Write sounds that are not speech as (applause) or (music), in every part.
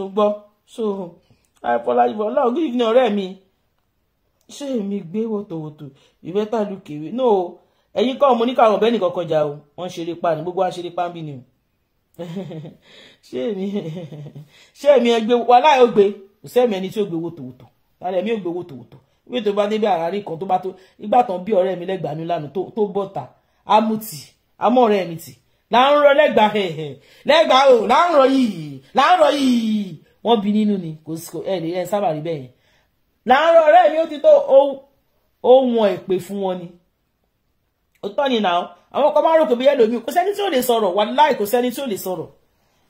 tó gbọ́ so àìfọláyìnbó ọlọ́run gidi ní ọ̀rẹ́ mi ṣé èmi gbé wòtòwòtò ìwé tàlù kèwé no o ẹ̀yin kọ́ ọmọ oníkàwọn ọ̀bẹ́ nìkan kọjá o wọ́n ṣeré pa ní gbogbo àṣeré pa ń bì ni o (laughs) ṣé èmi (laughs) ṣé èmi ẹgbẹ́ wàhálà yóò gbé kò sẹ́mi ẹni tí yóò gbé wòtòwòtò lálẹ́ mi yóò gbé wòtòwòtò wíwé tó bá débi àárín kan tó bá tó ìgbà tán bí ọ̀rẹ́ mi lẹ́gbàánú lánàá tó bọ̀ta amúti amọ̀ ọ̀rẹ́ mi tì là ń rọ lẹ́gbàá lẹ́gbàá o là ń rọ yìí là ń rọ yìí wọ́n bi nínú ni kò sí ẹ̀ ní ẹ̀ sábà rí bẹ́ẹ̀ yẹn là ń rọ ọ̀rẹ́ mi ó ti tó ohun ẹ̀pẹ̀ fún wọn ni òótọ́ ni nà àwọn kan máa rò pé bóyá lómi kò sẹ́ni tí ò lè sọ̀rọ̀ wàláì kò sẹ́ni tí ò lè sọ̀rọ̀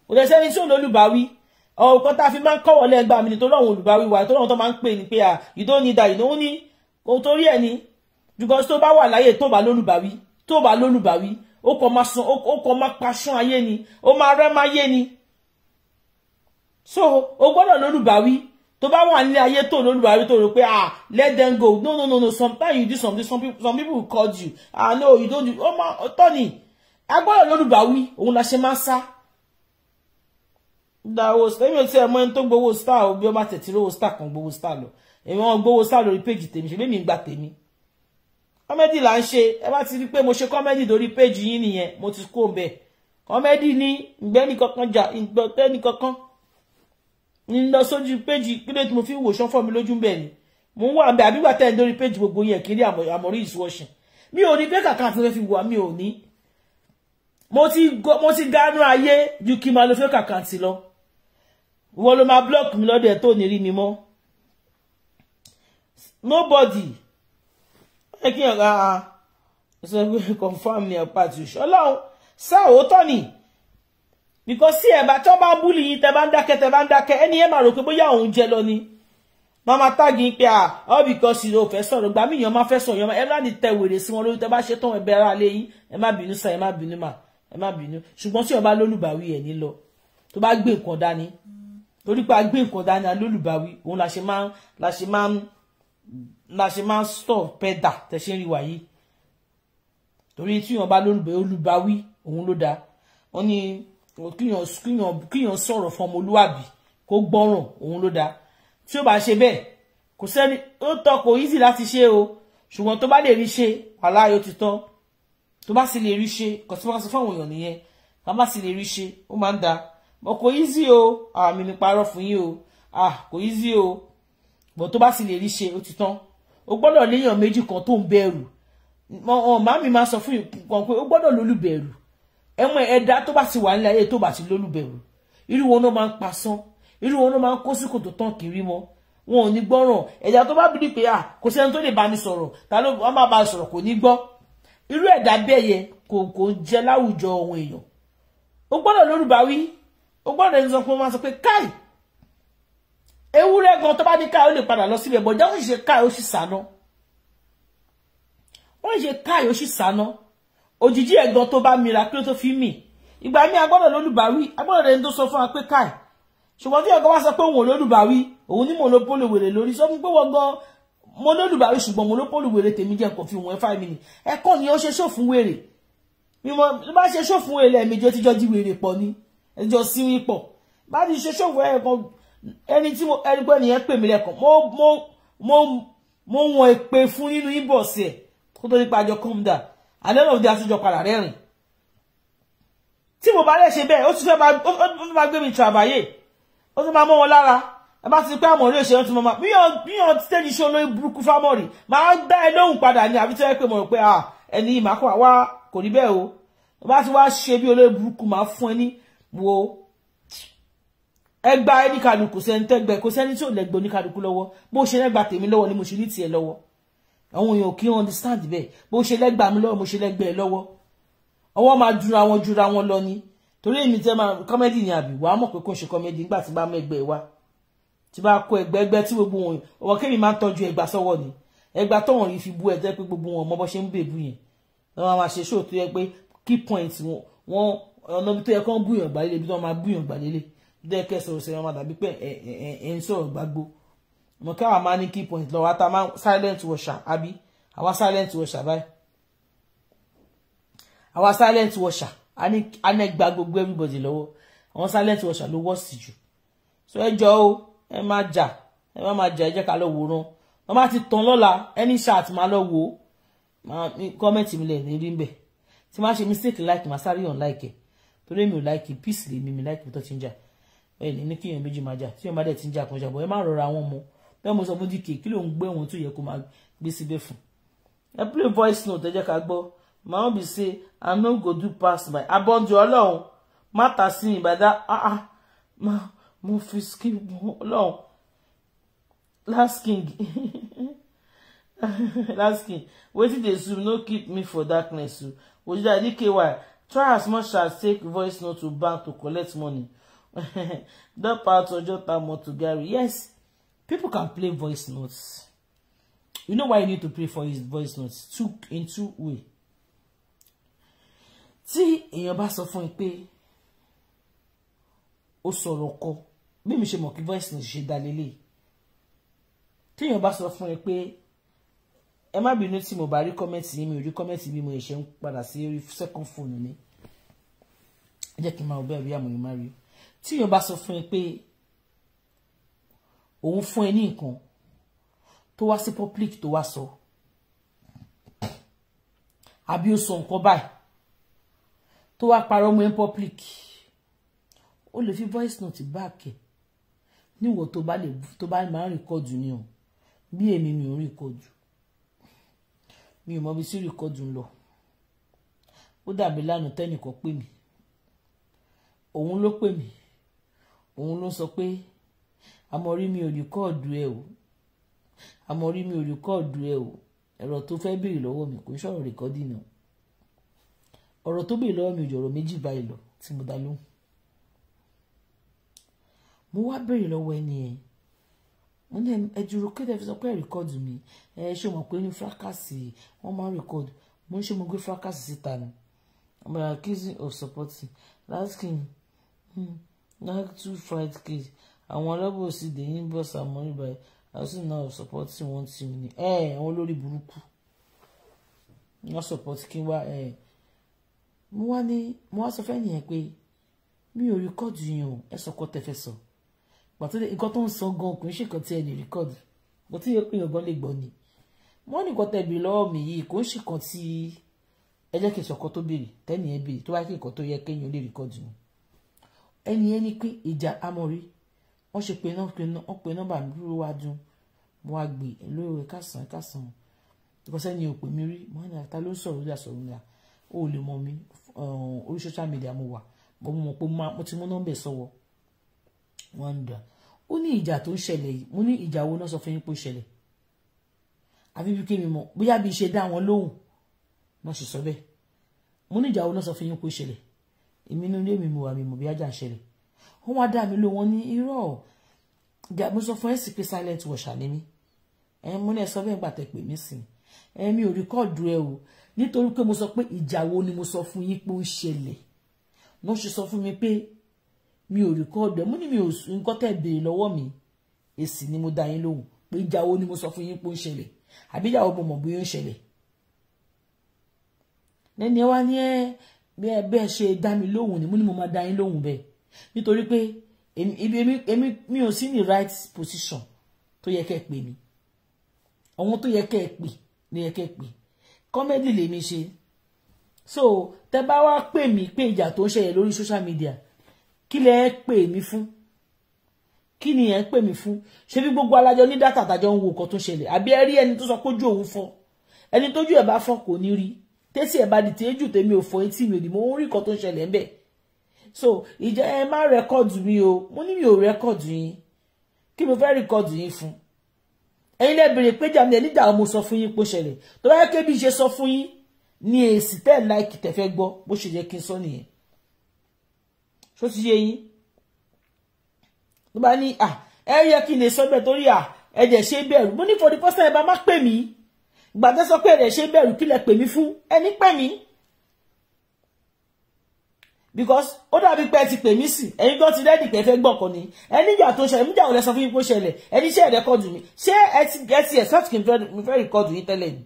kò lè sẹ́ni tí ò lólùbáwí ọ̀kan tá a fi máa ń kọ́wọ́ lẹ́gbàá mi ni torí àwọn olùbáwí wa torí àwọn tó máa ń pè ah, ní pé à ìdó ni da ìnáwó ní torí ẹ̀ ni jùgọ́ tó bá wà láyé tó bá lólùbáwí tó bá lólùbáwí ó kàn máa sùn ó kàn máa pasùn ayé ni ó máa rẹ́ máa yé ni so o gbọ́dọ̀ lólùbáwí tó bá wà nílé ayé tó lólùbáwí tó rò pé ah let them go no no no no sometimes you do something some people some people will call you ah no you don't do ó máa tọ́ni agbọ́dọ̀ lólùbáwí òun la ṣe máa ń sá dáwọ èmi ò tí ẹ mọ ẹni tó gbowó star o bí ó bá tẹ̀ tí lówó star kan gbowó star lọ èmi wọn gbowó star lórí péjì tèmi ṣe bí mi ń gba tèmi kọ́mẹ́dì là ń ṣe ẹ bá ti rí pé mo ṣe kọ́mẹ́dì lórí péjì yín nìyẹn mo ti kó ń bẹ̀ kọ́mẹ́dì ní ìgbẹ́ni kankan jà ìgbọ́tẹ́ni kankan ní lọ sójú péjì kílé tí mo fi wò ṣánfọ́ mi lójú bẹ́ẹ̀ ni mo ń wà bẹ́ẹ̀ àbígbà tẹ́ ẹ̀ lórí péjì gbogbo yẹn kiri àmọ̀rí ìṣúwọ́ṣìn mi ò ní pé kàkà àti fẹ́ fi wà mi ò ní mo ti gánú ayé ju kí n máa lọ fẹ́ kàkà àti lọ wọ́n ló máa mi lọ́dọ̀ ẹ̀ tó ní rí mi mọ́ nobody yẹ kí yàn ká ṣe pé confam ni ọ̀pá àti òṣù ọlọ́run ṣá òótọ́ ni because sí ẹ̀bà tó bá búlì yín tẹ bá ń dákẹ́ tẹ bá ń dákẹ́ ẹni ẹ̀ máa rò pé bóyá òun jẹ lọ ni mama tági pé à ah, ọ because ìlò òfẹ́ sọ̀rọ̀ gbà mí yàn má fẹ́ sọ̀rọ̀ yàn ẹ bá ní tẹ wèrè sí wọn lórí tẹ bá ṣe tán ẹbẹ ara lé yín ẹ má bínú sàn ẹ má bínú mà ẹ má bínú ṣùgbọ́n tí ọba lólùbáwí ẹ̀ ní lọ tó bá gbé nǹkan dání torí pé a gbé nǹkan dání alólùbáwí òun la ṣe máa la ṣe máa la ṣe máa ń store pẹ́dà tẹ̀sẹ̀ rí wàyí torí tíyàn bá olùbáwí òun ló dáa wọ́n ní kíyàn sọ̀rọ̀ fún ọmọlúwàbí kó gbọ́ràn òun ló dáa tí ba bá ṣe bẹ́ẹ̀ kò sẹ́ni ó tọ́ kò easy láti ṣe o ṣùgbọ́n tó bá lè rí ṣe wàláyò ti tán tó bá sì lè rí ṣe kò tí wọ́n sọ fún àwọn èèyàn nìyẹn ká má sì lè rí ṣe ó máa ń da easy o àmì ah, nípa arọ́ fún yín o ah, kò easy o bọ́ tó bá sì lè rí ṣe ó ti tán o gbọ́dọ̀ léèyàn méjì kan tó ń bẹ̀rù màmí máa sọ fún ìkan pé o gbọ́dọ̀ lólùbẹ̀rù ẹ̀wọ̀n ẹ̀dá tó bá ti wà nílẹ̀ ayé tó bá ti lólùbẹ̀rù irú wọn náà máa ń pasán irú wọn náà máa ń kó sí kòtò tán kiri mọ́ wọn ò ní gbọ́ràn ẹ̀dá tó bá bí pé à kò sẹ́ni tó lè bá mi sọ̀rọ̀ ta ló wọ́n máa bá a sọ̀rọ̀ kò ní gbọ́ irú ẹ̀dá bẹ́ẹ̀ yẹ kò kò jẹ́ láwùjọ ohun èèyàn o gbọ́dọ̀ lórúbáwí o gbọ́dọ̀ ẹni sọ pé wọ́n máa sọ pé káì ewúrẹ́ gan tó bá ní káà ó lè padà lọ síbẹ̀ bọ̀já ó sì ṣe káà ó sì sáná wọ́n ṣe káà ó sì sáná òjijì ẹ̀gan tó bá mira kí ló tó fi mì ìgbà mi agbọ́dọ̀ lólùbáwí agbọ́dọ̀ rẹ̀ ń tó sọ fún wa pé káà ṣùgbọ́n tí ọ̀gá wá sọ pé òun ò lólùbáwí òun ní mo ló pólò wèrè lórí sọ fún pé wọ́n gan mo lólùbáwí ṣùgbọ́n mo ló pólò wèrè tèmi jẹ́ kò fi wọ́n five minutes ẹ̀kọ́ ni ó ṣe ṣòfún wèrè mi mo bá ṣe ṣòfún wèrè lẹ́ẹ̀mejì ó ti jọ jí wèrè pọ̀ ni ẹjọ́ síwí pọ̀ bá ti ṣe ṣòfún ẹ̀kan ẹni tí mo ẹni pé nìyẹn pè mí lẹ́kàn mo mo mo mo wọn èpè fún nínú ìbọ̀sẹ̀ kó tó nípa àjọ kọ́mdà àlẹ́ náà ó di àtúnjọ padà rẹ́rìn tí mo bá lẹ̀ ṣe bẹ́ẹ̀ ó ti fẹ́ máa gbé mi tàbáyé ó ti máa mọ́ wọn lára ẹ bá ti pé àmọ̀rí òṣèré tí mo máa bí wọn ti tẹ́ni iṣẹ́ olórí burúkú fámọ́rì máa dá ẹ lóhùn padà ní àbí tí wọ́n pè mọ̀ pé ẹni ìmàkọ́ àwa kò rí bẹ́ẹ̀ o ẹ bá ti wá ṣe bí olórí burúkú máa fún ẹ ní wo ẹgbà ẹnìkanukù sẹni tẹgbẹ kò sẹni tí ò lẹgbẹ oníkanukù lọ́wọ́ bó ṣe lẹgbà tèmi lọ́wọ́ ni mo ṣe ní tiẹ̀ lọ́wọ́ àwọn èèyàn kì í understand bẹ́ẹ̀ bó ṣe lẹgbà mi lọ́wọ́ mo ṣe lẹgbẹ ẹ lọ́wọ́ ọwọ́ máa jura wọn jura wọn lọ ni torí èmi tẹ máa kọmẹdì ni àbí wàá mọ̀ pé kò ń ṣe kọmẹdì nígbà tí bá mọ ẹgbẹ́ wa tí bá kó ẹgbẹ́ ẹgbẹ́ tí gbogbo wọn ọwọ́ kémi máa ń tọ́jú ẹgbà sọ́wọ́ ni ẹgbà tọwọn yìí fi bú ẹ jẹ pé gbogbo wọn mọ bó ṣe ń bèbú yẹn wọn máa ṣe ṣòótọ́ yẹ pé key point wọn ọ̀nà bí tó yẹ kán búyàn gbàlélẹ̀ bí tó máa búyàn gbàlélẹ̀ dẹ́kẹ́ sọ̀rọ̀ sẹ́yìn ọmọ dàbí pé ẹ̀ ń sọ̀rọ̀ gbàgbó mo káwa máa ní key point lọ́wọ́ ta máa silent washer àbí àwa silent washer báyìí àwa silent washer a ní gba gbogbo everybody lọ́wọ́ àwọn silent washer ló wọ́ sí jù so ẹ jọ o ẹ máa jà ẹ má máa jà ẹ jẹ́ ká lọ wòran wọ́n bá ti tàn lọ́la any shot máa lọ wò ó kọ́mẹ̀ntì mi lẹ̀ ní rí mbẹ̀ tí máa ṣe mistake like màá sáré unlike ẹ̀ torí mi ò like peace lè mi mi like mi tó ti ń jà ẹ ní ní kíyàn méjì máa jà tí wọn bá dẹ̀ ti ń jà kan ṣàbọ̀ ẹ má rọra wọn mu bẹ́ẹ̀ mo sọ fún dk kí ló ń gbé wọn tó yẹ kó máa gbé síbẹ̀ fún. ẹ play voice note ẹ jẹ́ ká gbọ́ my own be say i no go do pass by abọ́njú ọlọ́run má ta sí ìbàdá ah, ah, mo fi skip ọlọ́run last king (laughs) last king wetin dey sue no keep me for darkness o ojúdá dky try as much as take voice note to bank to collect money (laughs) that part of Jota Motugari. Yes, people can play voice notes. You know why you need to play for his voice notes? Two in two way. See, in your bass of phone, pay. O kọ me mi ṣe mọ̀ kí voice note ṣe dá lélẹ̀. Tí èèyàn bá sọ fún ẹ pé ẹ má bínú tí mo bá rí kọ́mẹ́ǹtì yìí mi ò rí kọ́mẹ́ǹtì bí mo ṣe second phone mi. Ẹ jẹ́ kí n máa bẹ́ẹ̀ bí àmọ̀ yìí má rí tí èèyàn bá sọ fún ẹ pé òun fún ẹ ní nǹkan tó wá sí public tó wá sọ àbí ó sọ nǹkan báyìí tó wá parọ́ mọ́ ẹ public ó lè fi voice note báàkì níwọ̀n tó bá lè tó bá máa ń rìkọ́dù ni o bí èmi mi ò rìkọ́dù mi ò mọ ibi tí rìkọ́dù ń lọ ó dàbí lánàá tẹ́nìkan pè mí òun ló pè mí òun ló sọ pé Amọ̀rí mi ò rìkọ́ọ̀dù ẹ o Amọ̀rí mi ò rìkọ́ọ̀dù ẹ o ẹ̀rọ tó fẹ́ béèrè lọ́wọ́ mi kò sọ̀rọ̀ rìkọ́dì náà ọ̀rọ̀ tó béèrè lọ́wọ́ mi ò jọ̀rọ̀ méjì báyìí lọ tí mo dá lóhùn mo wá béèrè lọ́wọ́ ẹni yẹn mo ní ẹ dúró kéde fi sọ pé rìkọ́dù mi ẹ ṣe mọ̀ pé ní fúrákàsì wọ́n máa ń rìkọ́dù mo ń ṣe mo gbé fúrákàsì síta ni ọmọ ìyá kí n sọpọ́tì láti kí n Hmm. nag two fight case àwọn alábòsí dè yín bọ́ sàmúrì báyìí housing now support tí wọ́n ti ní ẹ̀ àwọn olórí burúkú wọ́n support kí n wá ẹ̀ mo wá ní mo wá sọ fẹ́ nìyẹn pé mi ò rìkọ́dù yẹn o ẹ sọ kọ́ tẹ́fẹ́ sọ pàtó nǹkan tó ń sọ gan kò ń ṣe kan tí ẹ lè rìkọ́dù kò tí yẹ pé ọgbọ́n lè gbọ́ ni wọ́n ní nǹkan tẹ̀bi lọ́wọ́ mi yìí kò ń ṣe kan tí ẹ jẹ́ kí n sọ̀kọ́ tó béèrè tẹ́ni ẹ béèrè tó bá kí nǹkan tó yẹ kéèyàn lè rìkọ́dù yẹn ẹni yẹn ní pín ìjà amọ̀rí wọ́n ṣe pé wọ́n pe nọ́mbà mi dúró wá dùn mo wá gbé e lórí rẹ̀ kásán kásán ìkọsẹ́ ni òpè mi rí mo ní àtà ló ń sọ̀rọ̀ ìlà sọ̀rọ̀ ìlà ó lè mọ mi orí social media mo wà mo mọ̀ pé mo ti mú nọ́mbà sọ̀wọ́ wọ́n ń dà ó ní ìjà tó ń ṣẹlẹ̀ yìí mo ní ìjà wo náà sọ fún yín pé ó ṣẹlẹ̀ àbí bí kémi mọ̀ bóyá bí ṣe dá wọn lóhùn náà ṣe sọ bẹ́ẹ̀ mo ní ìjà wo náà sọ fún yín pé ó ṣẹlẹ̀ èmi inú ilé mi mo wà mi mo bí ajá ń ṣẹlẹ̀ wọ́n wá dá mi ló wọn ní irọ́ mo sọ fún ẹ̀sìn pé silent watcher ni mí ẹ̀ mo ní ẹ̀ sọ bẹ́ẹ̀ gbà tẹ̀ pè mí sí ẹ̀ mi ò rìkọ́ọ̀dù ẹ o nítorí pé mo sọ pé ìjà wo ni mo sọ fún yín pé ó ń ṣẹlẹ̀ wọ́n ṣe sọ fún mi pé mi ò rìkọ́ọ̀dù ẹ mo ní mi ò nǹkan tẹ̀ béèrè lọ́wọ́ mi èsì ni mo dá yín lóhùn pé ìjà wo ni mo sọ fún yín pé ó ń ṣẹlẹ̀ àbí ìjà wo mo mọ̀ bóyá ó ń ṣẹlẹ̀ lẹ́ni ẹ wá ní ẹ bẹ́ẹ̀ bẹ́ẹ̀ ṣe dá mi lóhùn ni mo ní mo máa dá yín lóhùn bẹ́ẹ̀ nítorí pé èmi èmi mi ò sí ní right position tó yẹ kẹ́ ẹ pè mí àwọn tó yẹ kẹ́ ẹ pè ní yẹ kẹ́ ẹ pè kọ́mẹ́dì lèmi ṣe so tẹ́ bá wá pè mí pé ìjà tó ń ṣẹlẹ̀ lórí social media kí lẹ ẹ pè mí fún kí ni ẹ ń pè mí fún ṣé bí gbogbo alájọ ní dátà tàjọ ń wo nǹkan tó ń ṣẹlẹ̀ àbí ẹ rí ẹni tó sọ pójú òun fọ́ ẹni tójú ẹ̀ bá fọ́ kò ní rí i tẹ́sí ẹ̀ bá di tí éjù tèmi ò fọ etí mi ò dì mo ń rí nǹkan tó ń ṣẹlẹ̀ ń bẹ̀ so ìjẹ́ ẹ má rẹ́kọ̀dù mi o mo ní mi ò rẹ́kọ̀dù yín kí mo fẹ́ rẹ́kọ̀dù yín fún ẹ̀yin lẹ́ bèrè pé jàmí ẹ̀ nígbà mo sọ fún yín pé ó ṣẹlẹ̀ tó bá yẹ kí ebi ṣe sọ fún yín ní èsì tẹ́ ẹ̀ láìkì tẹ́ fẹ́ gbọ́ bó ṣe yẹ kí n sọ nìyẹn ṣó ti yé yín ló bá ní ẹ yẹ kí n lè sọ bẹ́ẹ̀ torí ẹ jẹ́ ṣe bẹ̀rù mo ní for the first time ẹ bá má pè mí gbàtẹ́ sọ pé rẹ̀ ṣe bẹ̀rù kílẹ̀ pè mí fún ẹni pè mí because ó dàbí pé ẹ ti pè mí sí ẹ̀yin gan ti rẹ́dì pé ẹ fẹ́ gbọ́kọ̀ ni ẹni ìjà tó ṣẹlẹ̀ níjà ò lẹ sọ fún yín kó ṣẹlẹ̀ ẹni ṣe ẹ̀rẹ́kọ̀dù mi ṣé ẹ ti ẹ ti expect kí n fẹ́ rìkọ́dù yín tẹ́lẹ̀ ni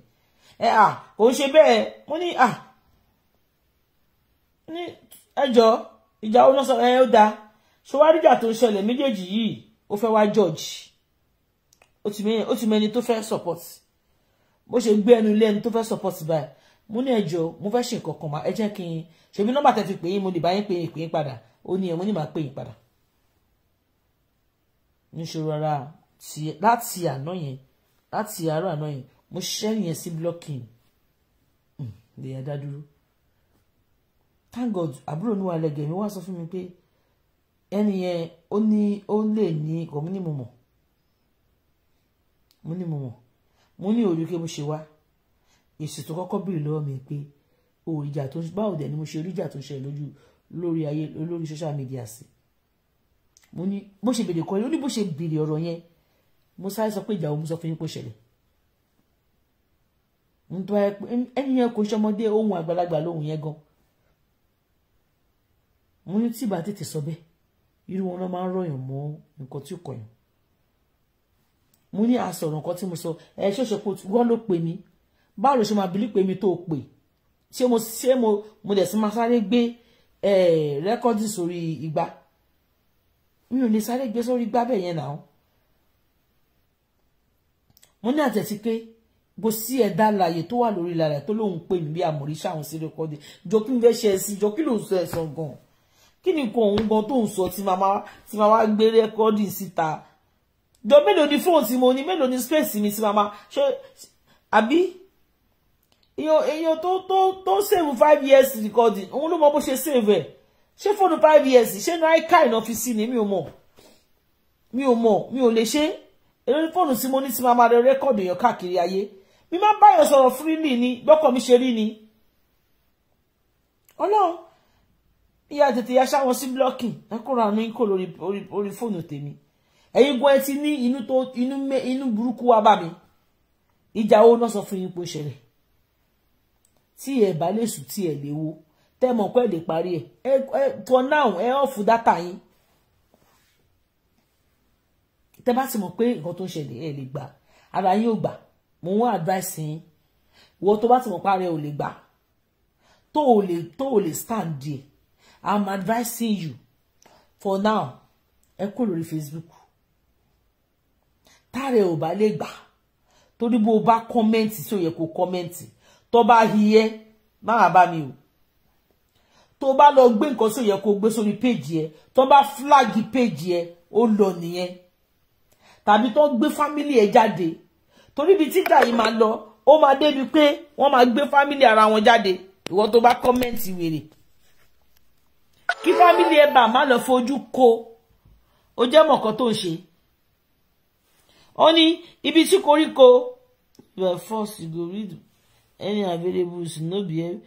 ẹ à kò ń ṣe bẹ́ẹ̀ mo ní à ní ẹjọ́ ìjà ó náà sọ ẹ ó dáa ṣé wàá níjà tó ṣẹlẹ̀ méjèèjì yìí ó fẹ́ wá judge ó ti mẹ́ni tó fẹ́ support mo ṣe gbé ẹnu ilé ẹni tó fẹ́ support báyìí mo ní ẹjọ́ mo fẹ́ ṣe nǹkan kan mà ẹ jẹ́ kí n ṣèbí nọ́mbà tẹ́ fi pè yín mo lè bá yín pè yín pè yín padà ó ní ẹ mo ní màá pè yín padà. níṣòro ara láti àná yẹn láti àárọ̀ àná yẹn mo ṣẹ́yìn yẹn sí blocking hmm, lè yẹn dá dúró. thank god àbúrò ní wa lẹ́gẹ̀ẹ́ mi wá sọ fún mi pé ẹni yẹn ó ní ó lè ní kò mí ní mo mọ̀ mo ní mo mọ̀ mo ní òòlù kí mo ṣe wá èsì tó kọ́kọ́ bìrì lọ́wọ́ mi pé òòjà tó báwo dẹ̀ ni mo ṣe oríjà tó ń ṣẹlẹ̀ lójú lórí ayé lórí social media sí mo ní bó ṣe bèrè kọ́ ó ní bó ṣe bèrè ọ̀rọ̀ yẹn mo sáré sọ pé ìjà òun sọ fún yín kó ṣẹlẹ̀ nítorí ẹni yẹn kò ṣọmọdé ohun àgbàlagbà lóhùn yẹn gan mo ní tí ìbá tètè sọ bẹ́ẹ̀ irú wọn lọ máa ń rọyàn mọ́ nǹkan tí ò kọyàn mo ní àsọ̀rọ̀ nǹkan tí mo sọ ẹ ṣọ́ṣọ́ pé wọ́n ló pè mí báwo ló ṣe máa bílí pé mi tó pè ṣé mo ṣé mo mo dẹ̀ sí máa sáré gbé rẹ́kọ́dì sórí igbá mi ò lè sáré gbé sórí igbá bẹ́ẹ̀ yẹn náà mo ní àtẹ̀tí pé bó sí ẹ̀dá láàyè tó wà lórí lára tó lóun pè mí bí àmọ̀ríṣà àwọn sí rẹ́kọ́dì jọ kí n fẹ́ ṣe ẹ̀sìn jọ kí ló ń sọ ẹ̀sán gan kí ni nǹkan òun gan tó ń sọ tí màmá tí gbé rẹ́kọ́dì síta. Si do mélòó ni phone tí mo ní mélòó ni space mi tí màmá ṣe àbí èèyàn èèyàn tó tó tó save five years recording òun ló mọ bó ṣe save ẹ ṣé fóònù five years ṣé no àìká ìná fi sí ni mi ò mọ mi ò mọ mi ò lè ṣe èrò ní fóònù tí mo ní tí màmá rẹ rẹkọọdù èèyàn káàkiri ayé mi máa báyọ̀ sọ̀rọ̀ freely ni gbọ́kọ̀ mi ṣe rí ni ọlọ́run ìyá tètè yá ṣáwọn sí blocking ẹ kóra ní kò lórí fóònù tèmi ẹ̀yin gan ẹ ti ní inú tó inú mé inú burúkú wa bá mi ìjà owó náà sọ fún yín pé ó ṣẹlẹ̀ tí ẹ bá lè sùn tí ẹ lè wo tẹmọ pé ẹ lè parí ẹ ẹ for now ẹ ọ̀fù dátà yín tẹ bá ti mọ̀ pé nǹkan tó ń ṣẹlẹ̀ ẹ lè gbà ara yín ò gbà mo ń wá advice yín ìwọ tó bá ti mọ̀ pé ara ẹ ò lè gbà tó ò lè tó ò lè stand there i'm advising you for now ẹ kúrò lórí facebook táre ò bá lè gbà torí bó o bá kọ́mẹ́ǹtì sí ó yẹ kó kọ́mẹ́ǹtì tó bá hiyẹ máa bá mi o tó bá lọ gbé nǹkan sí ó yẹ kó gbé sórí péjì ẹ tó bá fúláàgì péjì ẹ ó lọ nìyẹn tàbí tó gbé fámílì ẹ jáde torí ibi títà yìí máa lọ ó máa débi pé wọ́n máa gbé fámílì ara wọn jáde ìwọ tó bá kọ́mẹ́ǹtì wèrè kí fámílì ẹ bá má lọ fojú ko ó jẹ́ mọ̀ọ́kan tó ń ṣe ó ní ibi tí koríko you uh, are forced to go read any available no be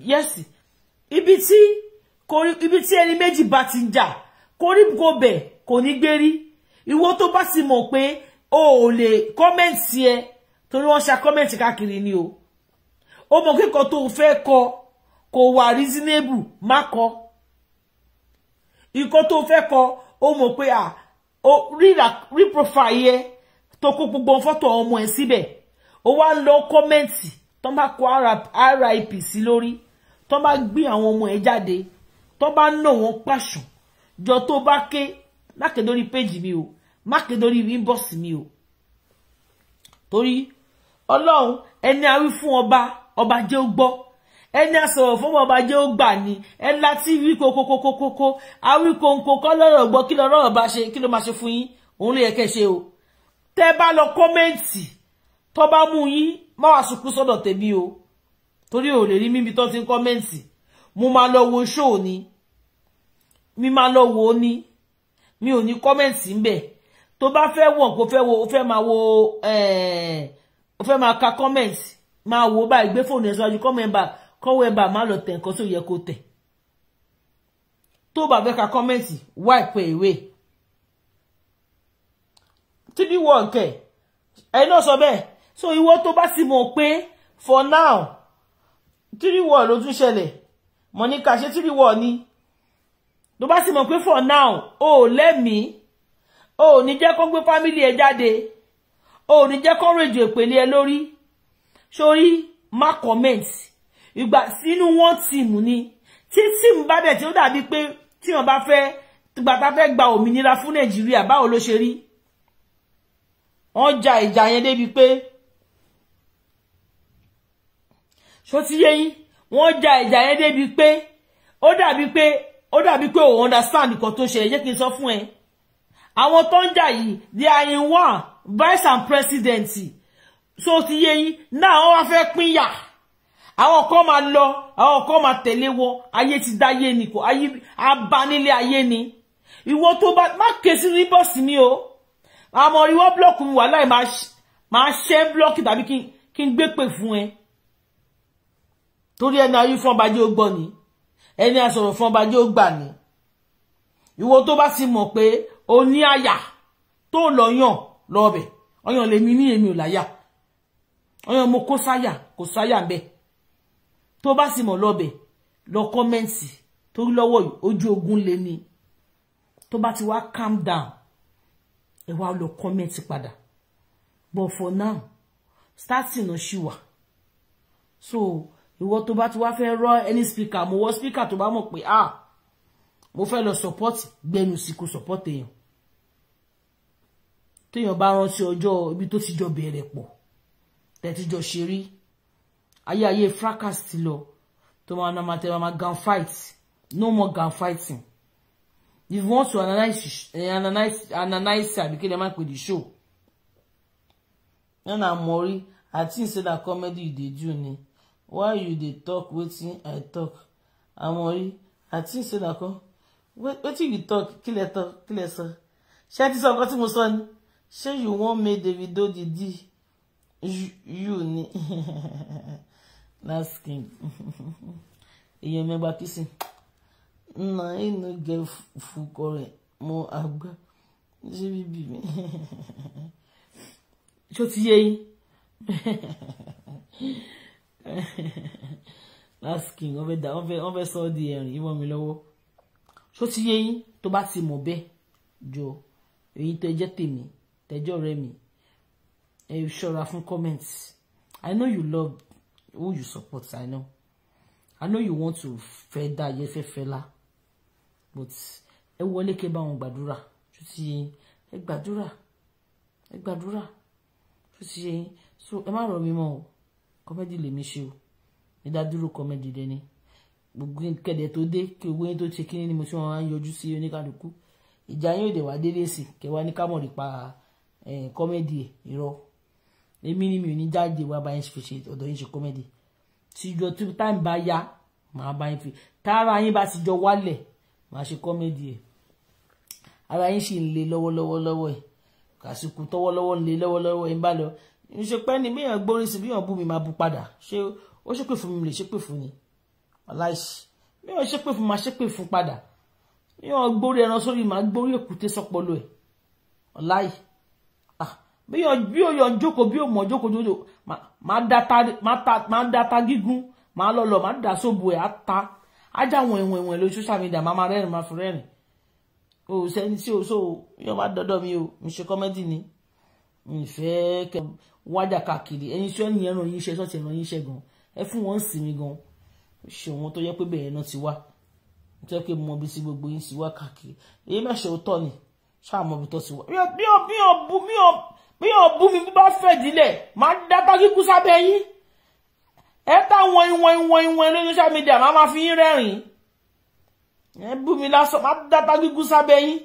yes ibi tí korí ibi tí ẹni méjì bá ti ń jà koríko bẹ̀ kò ní gbé rí ìwọ tó bá ti mọ̀ pé o ò lè kọ́mẹ̀ntì ẹ torí wọ́n ṣa kọ́mẹ̀ntì káàkiri ni o ó mọ̀ kíkọ tó fẹ́ kọ kò wà reasonable má kọ ìkọ tó fẹ́ kọ ó mọ̀ pé à rí profile yẹ tó kó gbogbo fọ́tò ọmọ ẹ̀ síbẹ̀ ó wá lọ kọ́mẹ́ǹtì tó bá kó RIP sí lórí tó bá gbé àwọn ọmọ ẹ̀ jáde tó bá nà wọ́n pàṣùn jọ tó bá ké mákèdórí péjì mi o mákèdórí inbox mi o torí ọlọ́run ẹni awí fún ọba ọba jẹ́ ó gbọ́ ẹni asọ̀rọ̀ fún ọba jẹ́ ó gbà ni ẹ láti wí kókókókókó awí kòǹkó kọ́ lọ́rọ̀ gbọ́ kí lọ́rọ̀ bá ṣe kí ló máa ṣe fún yín òun ló yẹ kẹ́ ṣe o tẹ́ bá lọ kọ́mẹ́ǹtì tó bá mú yín má wàá sunkún sọ́dọ̀ tèmi o torí ò lè rí mímí tó ti ń kọ́mẹ́ǹtì mo máa lọ wo ṣóò ni mi máa lọ wo ni mi ò ní kọ́mẹ́ǹtì ń bẹ̀ tó bá fẹ́ wọ̀n kó fẹ́ wo ó fẹ́ máa wo ó eh, fẹ́ máa ka kọ́mẹ́ǹtì máa wo báyìí gbé fóònù ẹ̀ síwájú kọ́mẹ́ǹbà kọ́wọ́ ẹ̀ bá má lọ tẹ̀ nǹkan tó yẹ kó tẹ̀ tó bá fẹ́ ka kọ́mẹ́ǹtì wipe away tíbí wọ nkẹ̀ ẹ̀ náà so bẹ́ẹ̀ so ìwọ tó bá sì mọ̀ pé for now tíbí wọ ló tún ṣẹlẹ̀ Monica ṣe tíbí wọ ni tó bá sì mọ̀ pé for now Oh, let me. Oh, ò ní jẹ́ kó gbé fámìlì ẹ jáde o ò ní jẹ́ kó rèjò ìpele ẹ lórí sórí má comment ìgbà sínú wọn tìmù ni tí tìmù bá dẹ̀ tí ó dàbí pé tí wọn bá fẹ́ gbàtà fẹ́ gba òmìnira fún Nàìjíríà báwo ló ṣe rí wọ́n ja ìjà yẹn débi pé ṣó ti yé yín wọ́n ja ìjà yẹn débi pé ó dàbí pé ó dàbí pé ò understand nǹkan tó ṣẹlẹ̀ jẹ́ kí n sọ fún ẹ àwọn tó ń jà yìí they are in war vice and president ṣó ti yé yín náà wọ́n wá fẹ́ pínyà àwọn kan máa lọ àwọn kan máa tẹ̀lé wọn ayé ti dáyé ni kò ayé abanilé ayé ni ìwọ tó bá má ké sínú ibọ̀sì ni o màá mọ ìwọ blọọkù mi wàhálà yìí màá ṣe blọọkì tàbí kí n gbé pè fún ẹ torí ẹni ayé fún ọbàjẹ́ ó gbọ́ ni ẹni àsọ̀rọ̀ fún ọbàjẹ́ ó gbà ni ìwọ tó bá ti mọ̀ pé o ní àyà tó lọ́yàn lọ́ọ̀bẹ̀ ọyàn lèmi ní èmi ò láyà ọyàn mo kó sáyà kò sáyà bẹ́ẹ̀ tó bá sì mọ̀ lọ́bẹ̀ lọ kọ́mẹ́ǹtì torí lọ́wọ́ ojú ogun lé ni tó bá ti wá calm down ẹ wá lọ comment padà but for now starting náà ṣì wà so ìwọ tó bá ti wá fẹ́ rọ any speaker mo wọ speaker to bá mọ̀ pé ah mo fẹ́ lọ support gbẹnu sí kó support èèyàn téèyàn bá rántí ọjọ́ ibi to ti jọ bẹ̀rẹ̀ pọ̀ tẹ̀tí jọ ṣe rí Aye aye, fracas ti lọ tó máa na máa tẹ máa gan fight no more gan fighting if you want to analyze analyze analyze am because dem man pay the show I'm mori i think say na comedy you dey do ni why you dey talk waiting i talk I'm amori i think say na com wetin you talk kile talk kile sọ ṣé ti sọ nǹkan tí mo sọ ni ṣé you wan make the D you ni na (laughs) skin èèyàn mẹgbà kìsìn nna ịnụ ga-fukọrọ Mo agba ṣe bíbí mi (laughs) ṣó ti yé yín (laughs) last king wọ́n fẹ́ da wọ́n fẹ́ sọ di ẹ̀rìn ìwọ mi lọ́wọ́ ṣó ti yé yín tó bá ti mọ̀ bẹ́ẹ̀ jọ èyí tó jẹ́ tèmi tẹjọ́ rẹ mi ẹ ṣọ́ra fún comments i know you love who you support i know i know you want to fẹ́ dá ayé fẹ́ fẹ́ la but ẹ wọlé kẹ́ bá wọn gbàdúrà tó ti ẹ gbàdúrà ẹ gbàdúrà tó ti ṣe so ẹ má rọ̀ mí mọ́ o kọ́mẹ́dì lèmi ṣe o mi dá dúró kọ́mẹ́dì dẹni gbogbo kẹ̀dẹ̀ tó dé kí owó yín tó ṣe kíní ni mo ṣe wọn máa ń yọjú sí oníkàlùkù ìjà yín ò dẹ̀ wá délé sí kẹwàá ní kámọ̀ nípa kọ́mẹ́dì ẹ̀ irọ́ èmi ni mi ò ní jáde wá báyìí fi ṣe ọ̀dọ̀ yín ṣe kọ́mẹ́dì tíjọ tí táìmù bá yá màá báyìí fi tára yín bá ti jọ wálẹ̀ màá ṣe kọ́mẹ́dì ẹ̀ ara yín sì ń le lọ́wọ́lọ́wọ́ lọ́wọ́ ẹ̀ kàṣíkù tọ́wọ́lọ́wọ́ ń le lọ́wọ́lọ́wọ́ ẹ̀ ń bá lọ ṣe pẹ́ ni bíyàn gbórin sí bíyàn bú mi máa bú padà ṣé ó ṣépè fún mi lè ṣépè fún ni aláìsí bíyàn ṣépè fún máa ṣépè fún padà bíyàn gbórí ẹran sórí máa gbórí èkúté sọ́pọ̀lọ́ ẹ̀ ọláì ah, bíyàn bí ó yọ jókòó bí ó mọ̀ jókòó jókòó máa dá ta gígún máa lọ máa dá sóbù ẹ̀ á ta Aja wọn ẹ̀wọ̀n ẹ̀wọ̀n lo social media máa máa rẹ́rìn máa fi rẹ́rìn o sẹ́ni tí o so yóò máa dọ́dọ̀ mi o mi ṣe kọ́mẹ́dì ni mi fẹ́ kẹ wájà káàkiri ẹyin tí ẹni ẹran yín ṣe sọ́ọ̀tì ẹran yín ṣe gan ẹ fún wọn sinmi gan ṣe wọn tó yẹ pé bẹ́ẹ̀ náà ti wá nítorí pé mo bí sí gbogbo yín ti wá káàkiri èyí mẹ́ṣẹ̀ òótọ́ ni ṣáà mo bí tó ti wá bí ọ̀ bí ọ̀ bú mi bá fẹ̀ dílẹ̀ máa dá tákíkú sábẹ́ yín ẹ bá wọn ìwọ̀n ìwọ̀n ìwọ̀n ní social media máa ma fi yín rẹ́rìn-ín ẹ bú mi lásán má dáta gígùn sábẹ́ yín.